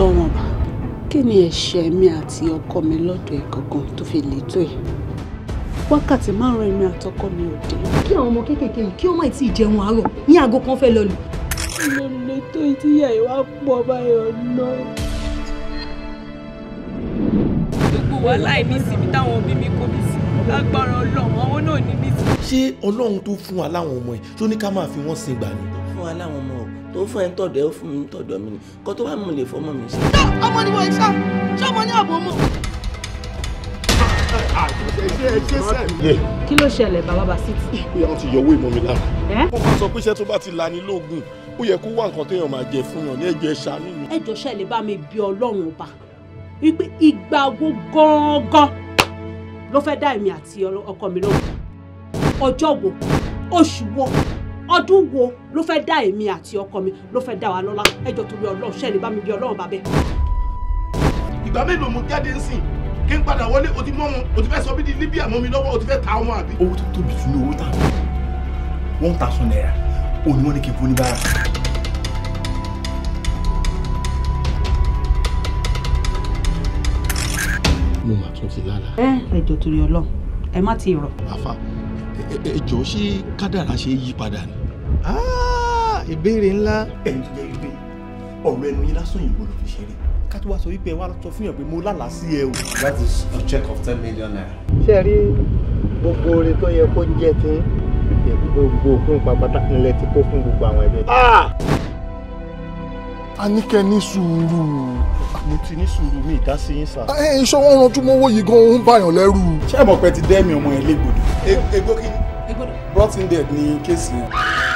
ọlọ́run ọba kí ni ẹ̀ṣẹ̀ mi àti ọkọ mi lọ́dọ̀ ìgangan tó fi lè tó ẹ̀ wákàtí márùn èmi àtọkọ mi ò dé. kí àwọn ọmọ kéékèèké yìí kí ó má tí ì jẹun àárọ̀ ní aago kan fẹ́ lọ lù. mo lè tó ìdíyà ìwà pọ̀ báyọ̀ náà. gbogbo wa láì ní síbi táwọn òbí mi kó mi sí lágbára ọlọ́run àwọn náà ní ní. ṣé ọlọ́run tó fún wa láwọn ọmọ ẹ̀ tó ní ká máa fi wọ́n sin gbà ni fún wa láwọn ọmọ o tó fún ẹ ń tọ̀dọ̀ ẹ ó fún mi ń tọ̀dọ̀ mi ni kó tó wá mú lè fọmọ mi sí. ọmọ ni wọ́n ṣá ṣé ọmọ ní àbò mọ̀. kí ló ṣẹlẹ̀ bàbá basiti. pé àwọn ti yọwọ́ ìmọ̀ mi lára. wọ́n máa sọ pé iṣẹ́ tó bá ti lani lóògùn ó yẹ kó wá nǹkan téèyàn máa jẹ fún yàn ní ẹ̀jẹ̀ ṣàánú mi. ẹ jọ̀ọ́ bá mi bí ọlọ́run ọba wípé ìgbà wo gángan ló fẹ́ dá èmi àti ọkọ mi lóhùn ọjọ́ wo oṣù wo ọdún wo ló fẹ́ dá èmi àti ọkọ mi ló fẹ́ dá wa lọ́lá ẹjọ́ torí ọlọ́run ṣẹ́ni bá mi bí ọlọ́run bá bẹ́. ìgbà mélòó mo jáde ń kí n padà wọlé o ti mọ wọn o ti fẹ́ sọ bí di libya mọ́ mi lọ́wọ́ o ti fẹ́ ta ọmọ àbí. owó tó tóbi jù ní owó tá one thousand naira òun ni wọ́n ní kí n fún oníbàárà. mo mà tún ti lálàá. ẹ ẹjọ́ torí Ọlọ́run ẹ má ti rọ. àfa ẹjọ́ ṣé kádàrá ṣe yí padà ni. Ah, ìbéèrè ńlá. ẹni tó jẹ́ wípé ọ̀rọ̀ ẹnu yín lásán yìí gbọ́dọ̀ fi ṣeré ká tó wá sọ wípé ẹ wá sọ fún yàn pé mo lálàá sí ẹ o. that is a check of ten million naira. ṣé ẹ rí gbogbo oore tó yẹ kó jẹ tí gbogbo òkun ìpapátá ilẹ̀ ti kó fún gbogbo àwọn ẹgbẹ́. Ah! a ní kẹ́ ní sùúrù. mo ti ní sùúrù mi ìdá sí yín sá. ẹ eh, iṣẹ́ wọn ranjú mọ́wọ́ yìí gan ohun báyàn lẹ́rù. ṣé ẹ mọ̀ pé ti dẹ́mi ọmọ ẹ̀ légbodò. egbò e kí ni. egbodò. brought in dead ni kéèsì yẹn.